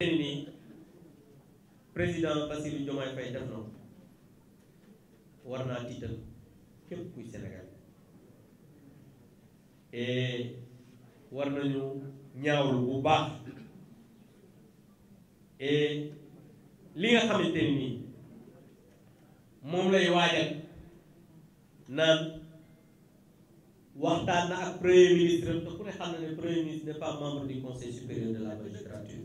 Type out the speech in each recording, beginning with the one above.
leen nii président Bassirou Diomaye Faye def na war naa tiital képp kuy Sénégal et war nañu ñaawlu bu baax et li nga xamante nii moom lay waajal naan waxtaan na ak premier ministre te ku ne xam pas membre du conseil supérieur de la magistrature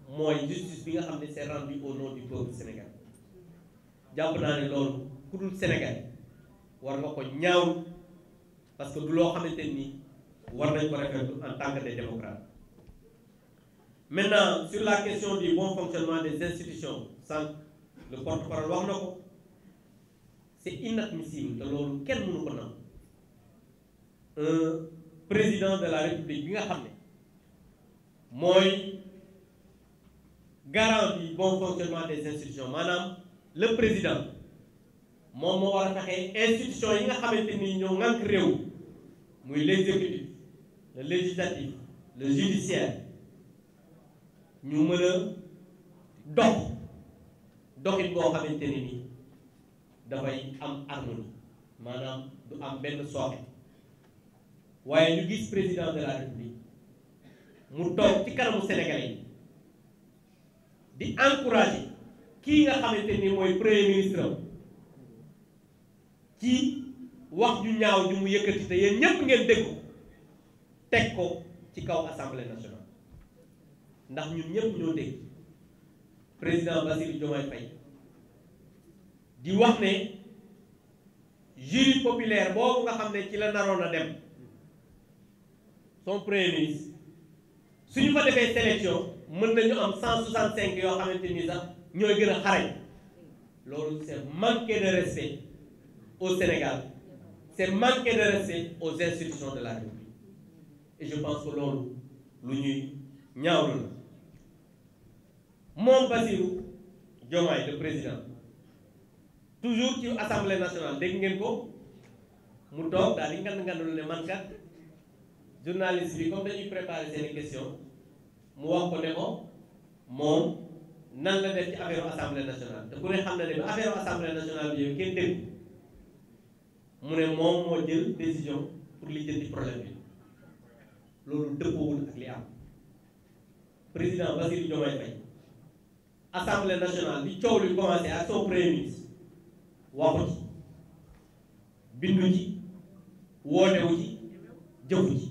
mooy justice bi nga xam ne c'est rendu au nom du peuple sénégal. jàpp naa ne loolu ku dul Sénégal war nga ko ñaaw parce que du loo xamante ni war nañ ko en tant que démocrate. maintenant sur la question du bon fonctionnement des institutions sans le porte-parole wax c'est inadmissible te loolu kenn mënu ko un président de la république bi nga xam garant bon fonctionnement des institutions Madame le président moom moo war a taxee institution yi nga xamante ni ñoo le législatif le judiciaire ñu mën donc, dox doxit boo xamante ni ni dafay am harmonie Madame, du am benn sooxe waaye le vice président de la république mu toog ci kanamu sénégalais di encourager kii nga xamante ni mooy premier ministre am ci wax ju ñaaw ju mu yëkkati te yéen ñépp ngeen dégg teg ko ci kaw assemblée nationale ndax ñun ñépp ñoo dégg président Bassirou Diomaye Faye di wax ne jury populaire boobu nga xam ne ci la naroon a dem son premier ministre suñu fa defee sélection mën nañu am 165 yoo xamante ni sax ñooy gën a xarañ loolu c'est manquer de respect au Sénégal c'est manquer de respect aux institutions de la République et je pense que loolu lu ñuy ñaawlu la moom Je Diomaye le président toujours ci assemblée nationale dégg ngeen ko mu toog daal di ngand ngandul ne man kat journaliste bi comme dañuy préparer seen question mu wax ko ne ko moom ci assemblée nationale te ku ne xam na assemblée nationale bi yow kenn dégg mo ne moom jël décision pour li jëndi problème bi loolu dëppoowul ak li am président Bassirou Diomaye fay assemblée nationale bi coow li commencé ak son premier ministre waxu ci bindu ci ci jëfu ci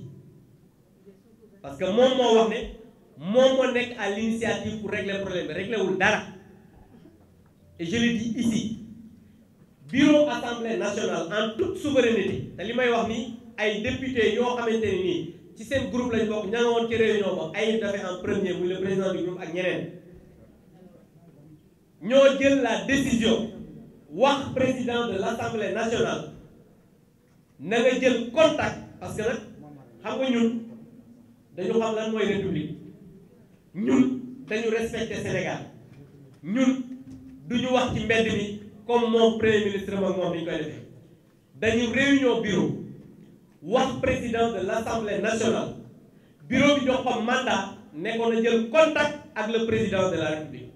parce que mom mo wax ne moi, ko à l'initiative pour régler problème Régler réglé dara et je le dis ici bureau assemblée nationale en toute souveraineté te li may wax ni ay député yoo xamante ne nii ci seen groupe lañ bokk ña nga réunion ba ay en premier muy le président du groupe ak ñeneen ont jël la décision wax président de l'assemblée nationale na nga jël contact parce que vous xam nous, ñun dañu xam lan république nous dañu le Sénégal nous duñu wax ci mi comme mon premier ministre mon ami Nous koy defee dañu réunion bureau wax président de l'Assemblée nationale bureau bi jox ko mandat ko na jël contact avec le président de la République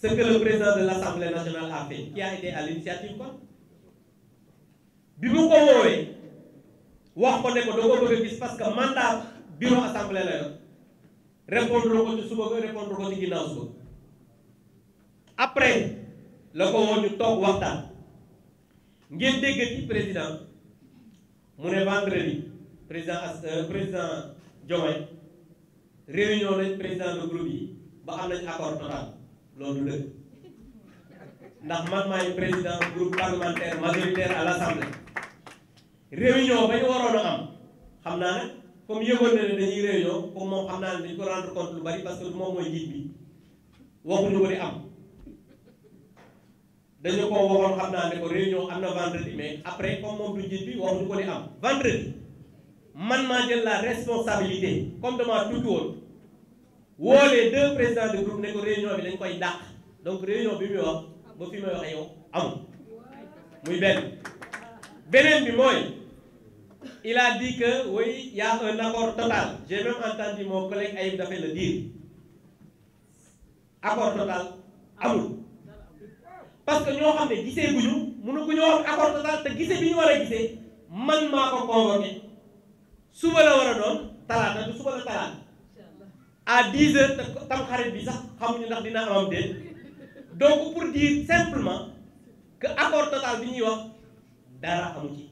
ce que le président de l'Assemblée nationale a fait qui a été à l'initiative quoi bi mu ko woowee wax ko a gis parce que mandat bureau assemblée l'Assemblée répondre ko ci suba ba répondre ko ci ginnaaw suba après la ko woon ñu waxtaan ngeen dégg président mu ne vendredi président as euh, président Diomaye réunion lañ président de groupe yi ba am nañ accord total loolu dëgg ndax man maay président groupe parlementaire majoritaire à l'Assemblée réunion ba ñu waroon a am xam naa nag comme yëgoon na ne dañuy réunion comme moom xam naa ne dañu ko rendre compte lu bari parce que moom mooy njiit bi waxuñu ko di am dañu ko waxoon xam naa ne ko réunion am na vendredi mais après comme moom du njiit bi waxuñu ko di am vendredi man maa jël la responsabilité comme dama tuuti woon woo deux présidents de groupe ne ko réunion bi dañ koy dàq donc réunion bi muy wax ba fi may wax yow amul muy benn beneen bi mooy. il a dit que oui, a total. J'ai même entendu mon collègue Aïb Dafé le dire. Accord total, amour. Parce que nous avons dit, gisez nous, nous avons accord total, te gisez nous avons gisez, man ma ko convoqué. Suba la wara don, talata du suba la talata. À 10 heures, tam xarit bi sax xamuñu ndax dina am déet. Donc pour dire simplement que accord total bi ñuy wax dara amu ci.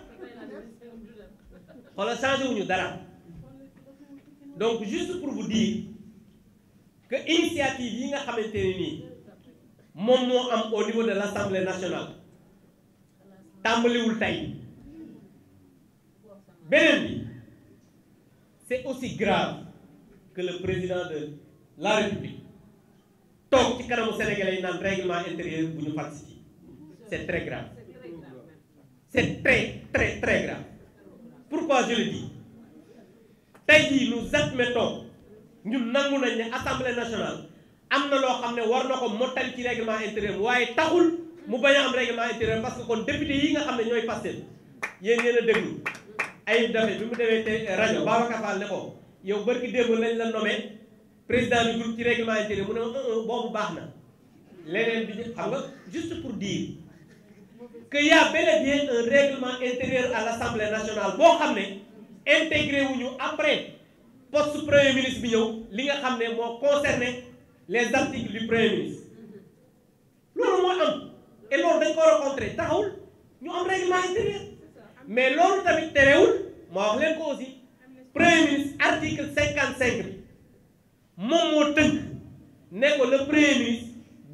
a changé wuñu dara donc juste pour vous dire que initiative yi nga xamante ni nii moom am au niveau de l'Assemblée nationale tàmbaliwul tey beneen bi c'est aussi grave que le président de la République toog ci kanamu sénégalais yi naan règlement intérieur bu ñu c'est très grave c'est très très très grave pourquoi je le dis tey jii nous admettons ñun nangu nañ ne assemblée nationale am na loo xam ne war na ko mottali ci règlement intérieur waaye taxul mu bañ a am règlement intérieur parce que kon député yi nga xam ne ñooy Pastef yéen yéen a déglu ay dafe bi mu demee te rajo Babacar Fall ne ko yow barki démb lañ la nommé président du groupe ci règlement intérieur mu ne euh, euh, boobu baax na leneen bi ñu xam nga juste pour dire qu'il y a bel et bien un règlement intérieur à l'Assemblée nationale Bon, xam intégré wuñu après poste premier ministre bi ñëw li nga concerné les articles du premier ministre loolu moo am et loolu dañ ko rencontré taxawul ñu un règlement intérieur mais loolu tamit terewul moo wax leen ko aussi premier ministre article 55, mon mot moom ne le premier ministre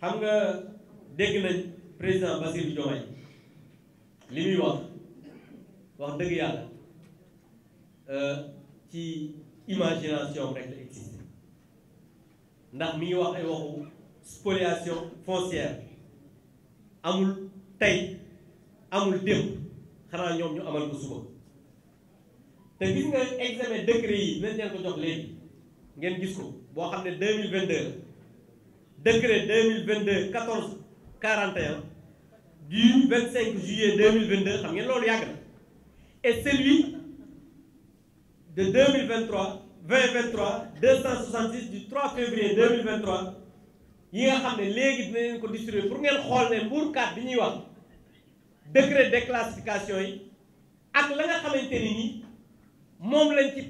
xam nga dégg nañ président Bassirou Diomaye li muy wax wax dëgg yàlla euh, ci imagination rek la existe ndax mi ngi wax ay waxu spoliation foncière amul tey amul démb xanaa ñoom ñu amal ko suba te gis nga examen décret yi dinañ ko jox léegi ngeen gis ko boo xam ne deux mille vingt deux décret 2022 14 41 du 25 juillet 2022 xam et celui de 2023 2023 266 du 3 février 2023 yi nga a ne léegi pour ngeen xool ne décret déclassification yi ak la nga xamante ni nii lañ ci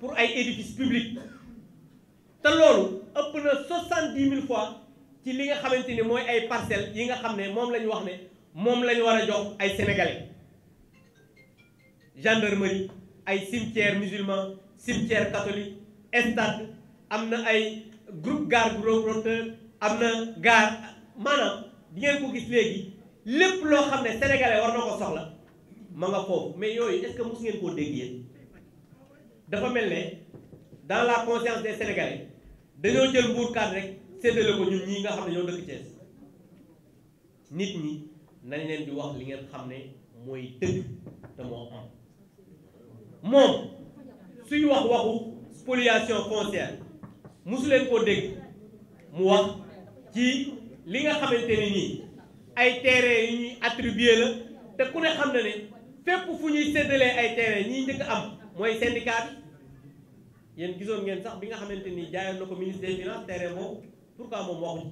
pour ay édifice public te ëpp na 70 000 fois ci li nga parcelles yi nga sénégalais gendarmerie cimetière musulman cimetière catholique stade groupe gare roteur am gare ko sénégalais soxla mais est-ce que mos ngeen koo dégg dafa dans la conscience des sénégalais dañoo jël mbuurkaat rek séddale ko ñun ñii nga xam ne ñoo dëkk Thiès nit ñi nañ leen di wax li ngeen xam ne mooy dëgg te moo am moom suy wax waxu spoliation foncière mosu koo dégg mu wax ci li nga xamante ne nii ay terrain yi ñuy attribué la te ku ne xam na ne fépp fu ñuy seddalee ay terrain ñiy njëkk am mooy syndicat yéen gisoon ngeen sax bi nga xamante ni jaayoon na ko ministre des finances terrain boobu pourquoi moom waxuñ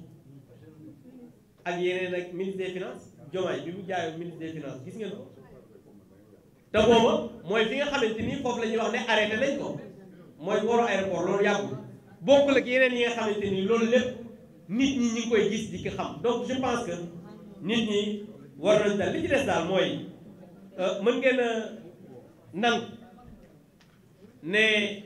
ak yeneen ak ministre des finances jomaay bi mu jaayoon ministre des finances gis ngeen ko te booba mooy fi nga xamante ni foofu la ñuy wax ne arrêté nañ ko mooy port aéroport loolu yàggul bokkul ak yeneen yi nga xamante ni loolu lépp nit ñi ñi ngi koy gis di ko xam donc je pense que nit ñi war nañ daal li ci des daal mooy euh, mën ngeen a nangu ne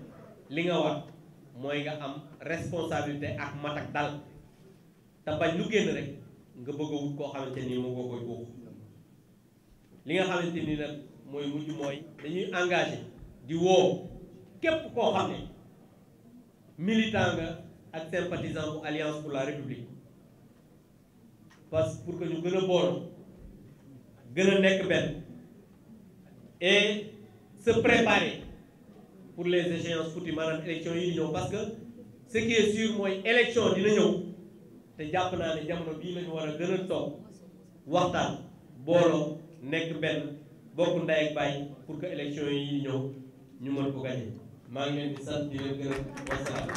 li nga war mooy nga am responsabilité ak mat ak dal te bañ lu génn rek nga bëgg wut koo xamante nii moom nga koy boobu li nga xamante nii nag mooy mujj mooy dañuy engagé di woo képp koo xam ne militant nga ak sympathisant bu alliance pour la république parce que pour que ñu gën a booloo gën a nekk benn et se pour les échéances foutues maanaam élection yi di ñëw parce que ce qui mooy élection dina ñëw te jàpp naa ne jamono bii lañu war a gën a toog waxtaan booloo nekk benn bokk ndey ak bàyyi pour que élection yi di ñëw ñu mën ko gagné maa ngi leen di sant di leen gërëm wasalaam